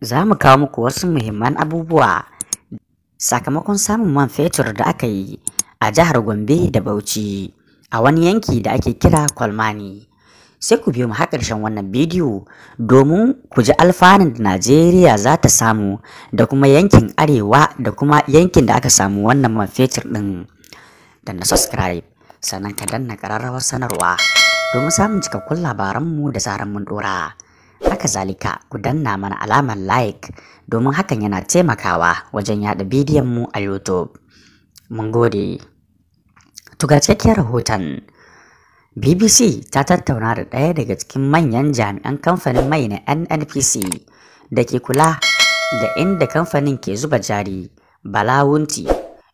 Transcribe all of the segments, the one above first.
za mu kawo muku wasu muhimman abubuwa sakamakon samun man fetur da aka yi a jihar Gombe da Bauchi a wani yanki da ake kira Kwalmani. Sai ku biyo mu hakarshen wannan bidiyo domin ku ji alfanun da Najeriya za ta samu da kuma yankin Arewa da kuma yankin da aka samu wannan man fetur ɗin. Danna subscribe sannan ka danna ƙararrawar sanarwa domin samun cikakkun labaranmu da tsarin mun ɗora. haka zalika ku danna mana alamar like domin hakan yana taimakawa wajen yada bidiyon mu a youtube mun gode tuga rahoton bbc ta tattauna da ɗaya daga cikin manyan jami'an kamfanin mai na nnpc da ke kula da inda kamfanin ke zuba jari balawunti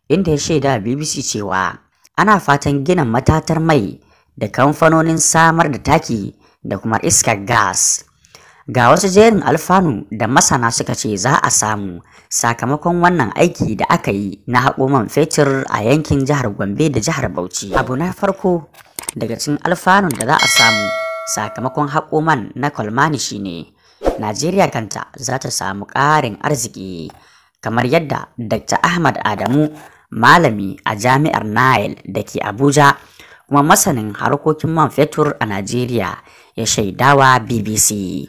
inda ya shaida bbc cewa ana fatan gina matatar mai da kamfanonin samar da taki da kuma iskar gas Ga wasu jerin alfanu da masana suka ce za a samu sakamakon wannan aiki da aka yi na haƙo man fetur a yankin jihar Gombe da jihar Bauchi. Abu na farko daga cikin alfanun da za a samu sakamakon haƙo man na Kolmani shine Najeriya kanta za ta samu ƙarin arziki kamar yadda Dr. Ahmad Adamu malami a jami'ar Nile da ke Abuja kuma masanin harkokin man fetur a Najeriya ya shaidawa BBC.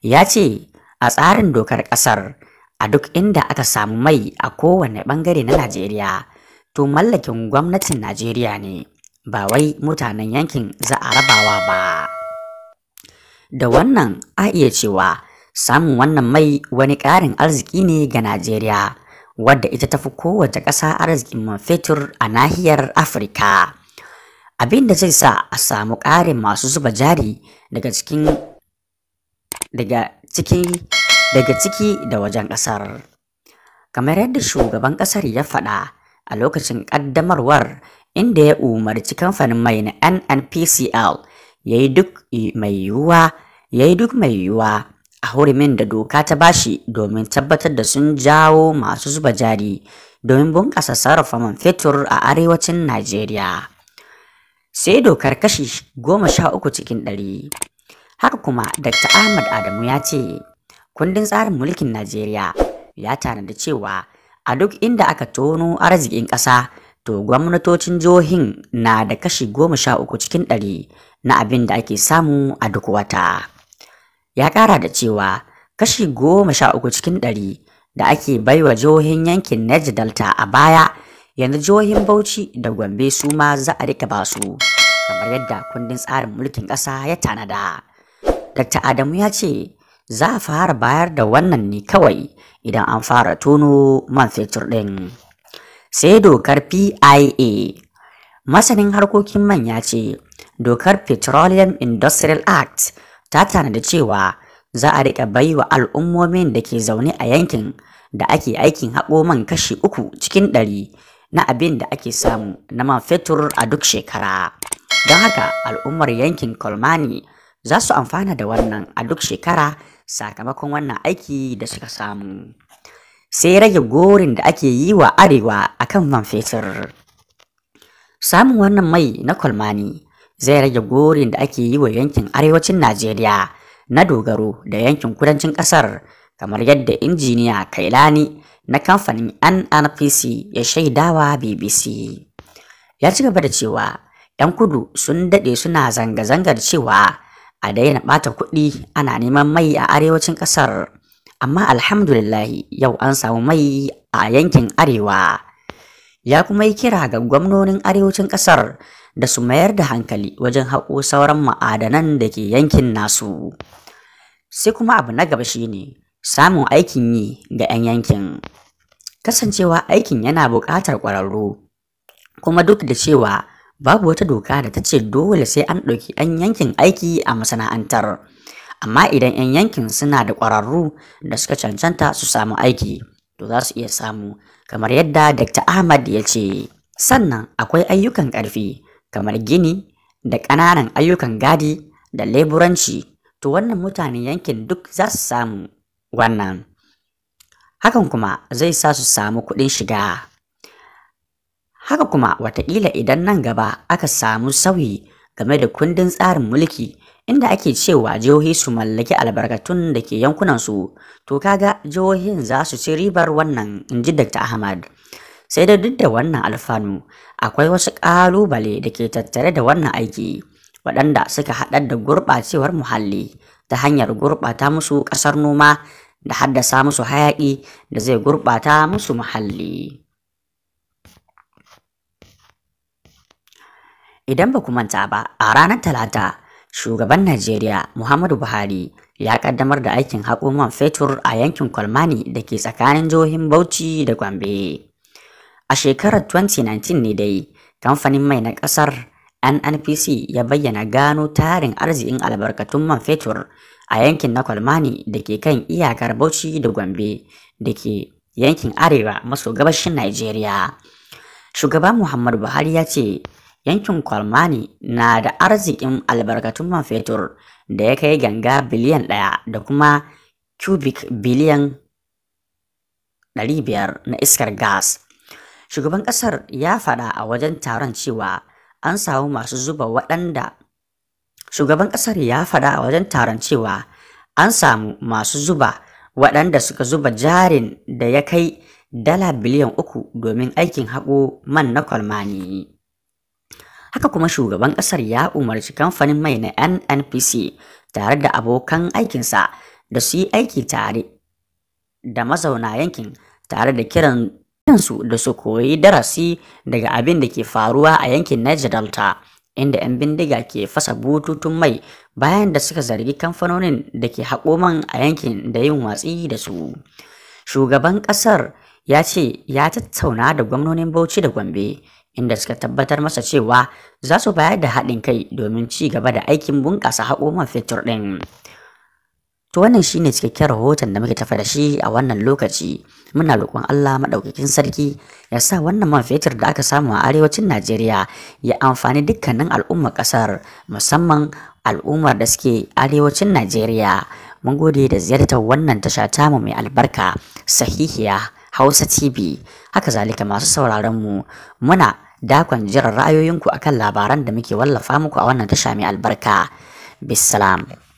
ya ce a tsarin dokar ƙasar a duk inda aka samu mai a kowane bangare na najeriya to mallakin gwamnatin najeriya ne ba wai mutanen yankin za a rabawa ba da wannan a iya cewa samun wannan mai wani ƙarin arziki ne ga najeriya wadda ita tafi kowace ƙasa arzikin man fetur a nahiyar afirka abin da zai sa a samu ƙarin masu zuba jari daga cikin daga ciki daga ciki da wajen ƙasar. Kamar yadda shugaban ƙasar ya faɗa a lokacin ƙaddamarwar inda ya umarci kamfanin mai na NNPCL ya yi duk mai yiwuwa ya yi duk mai yiwuwa a hurumin da doka ta bashi domin tabbatar da sun jawo masu zuba jari domin bunƙasa sarrafa man fetur a arewacin Najeriya. Sai dokar kashi goma sha uku cikin ɗari Haka kuma Dr. Ahmad Adamu ya ce, kundin tsarin mulkin Najeriya ya tanadi cewa a duk inda aka tono arzikin ƙasa to gwamnatocin jihohin na da kashi goma sha uku cikin ɗari na abin da ake samu a duk wata. Ya ƙara da cewa kashi goma sha uku cikin ɗari da ake baiwa jihohin yankin Niger Delta a baya yanzu jihohin Bauchi da Gombe su ma za a rika basu kamar yadda kundin tsarin mulkin ƙasa ya tanada. Dr. Adamu ya ce za a fara bayar da wannan ne kawai idan an fara tono man fetur ɗin. Sai dokar PIA. Masanin harkokin man ya ce dokar Petroleum Industrial Act ta tanada cewa za a riƙa wa al'ummomin da ke zaune a yankin da ake aikin haƙo man kashi uku cikin ɗari na abin da ake samu na man fetur a duk shekara. Don haka al'ummar yankin Kolmani za su amfana da wannan a duk shekara sakamakon wannan aiki da suka samu sai rage gorin da ake yi wa arewa akan man fetur samun wannan mai na kwalmani zai rage gorin da ake yi wa yankin arewacin najeriya na dogaro da yankin kudancin kasar kamar yadda injiniya kailani na kamfanin nnpc ya shaidawa bbc ya ci gaba da cewa 'yan kudu sun dade suna zanga-zangar cewa a daina ɓata kuɗi ana neman mai a arewacin ƙasar amma alhamdulillahi yau an samu mai a yankin arewa ya kuma yi kira ga gwamnonin arewacin ƙasar da su mayar da hankali wajen haƙo sauran ma'adanan da ke yankin nasu sai kuma abu na gaba shine samun aikin yi ga 'yan yankin kasancewa aikin yana buƙatar ƙwararru kuma duk da cewa babu wata doka da ta ce dole sai an ɗauki 'yan yankin aiki a masana'antar amma idan 'yan yankin suna da ƙwararru da suka cancanta su samu aiki to za su iya samu kamar yadda dr ahmad ya ce sannan akwai ayyukan ƙarfi kamar gini da ƙananan ayyukan gadi da leburanci to wannan mutanen yankin duk za su samu wannan hakan kuma zai sa su samu kuɗin shiga Haka kuma watakila idan nan gaba aka samu sauyi game da kundin tsarin mulki inda ake cewa jihohi su mallaki albarkatun da ke yankunansu to kaga jihohin za su ci ribar wannan inji Dr. Ahmad. Sai da duk da wannan alfanu akwai wasu ƙalubale da ke tattare da wannan aiki waɗanda suka haɗar da gurɓacewar muhalli ta hanyar gurɓata musu ƙasar noma da haddasa musu hayaƙi da zai gurɓata musu muhalli. Idan ba ku manta ba, a ranar Talata, shugaban Najeriya Muhammadu Buhari ya kaddamar da aikin haƙo man fetur a yankin Kwalmani da ke tsakanin jihohin Bauchi da Gombe. A shekarar 2019 ne dai, kamfanin mai na ƙasar NNPC ya bayyana gano tarin arzikin albarkatun man fetur a yankin na Kwalmani da ke kan iyakar Bauchi da Gombe da ke yankin arewa maso gabashin Najeriya. Shugaban Muhammadu Buhari ya ce yankin Kwalmani na da arzikin albarkatun man fetur da ya kai ganga biliyan ɗaya da kuma cubic biliyan 500 na iskar gas. Shugaban ƙasar ya faɗa a wajen taron cewa an samu masu zuba waɗanda Shugaban ƙasar ya faɗa a wajen taron cewa an samu masu zuba waɗanda suka zuba jarin da ya kai dala biliyan uku domin aikin haƙo man na kwalmani. Haka kuma shugaban ƙasar ya umarci kamfanin mai na NNPC tare da abokan aikinsa da su yi aiki tare da mazauna yankin tare da kiran kansu da su koyi darasi daga abin da ke faruwa a yankin Niger Delta inda 'yan bindiga ke fasa bututun mai bayan da suka zargi kamfanonin da ke haƙo man a yankin da yin watsi da su. Shugaban ƙasar ya ce ya tattauna da gwamnonin Bauchi da Gombe inda suka tabbatar masa cewa za su bayar da haɗin kai domin ci gaba da aikin bunƙasa haƙo man fetur ɗin. To wannan ne cikakken rahoton da muke tafa da shi a wannan lokaci. Muna roƙon Allah maɗaukakin sarki ya sa wannan man fetur da aka samu a arewacin Najeriya ya amfani dukkanin al'ummar ƙasar musamman al'ummar da suke arewacin Najeriya. Mun gode da ziyartar wannan tasha tamu mai albarka sahihiya. Hausa TV. Haka zalika masu sauraron mu muna dakon jiran ra'ayoyinku akan labaran da muke wallafa muku a wannan tasha mai albarka. Bisalam.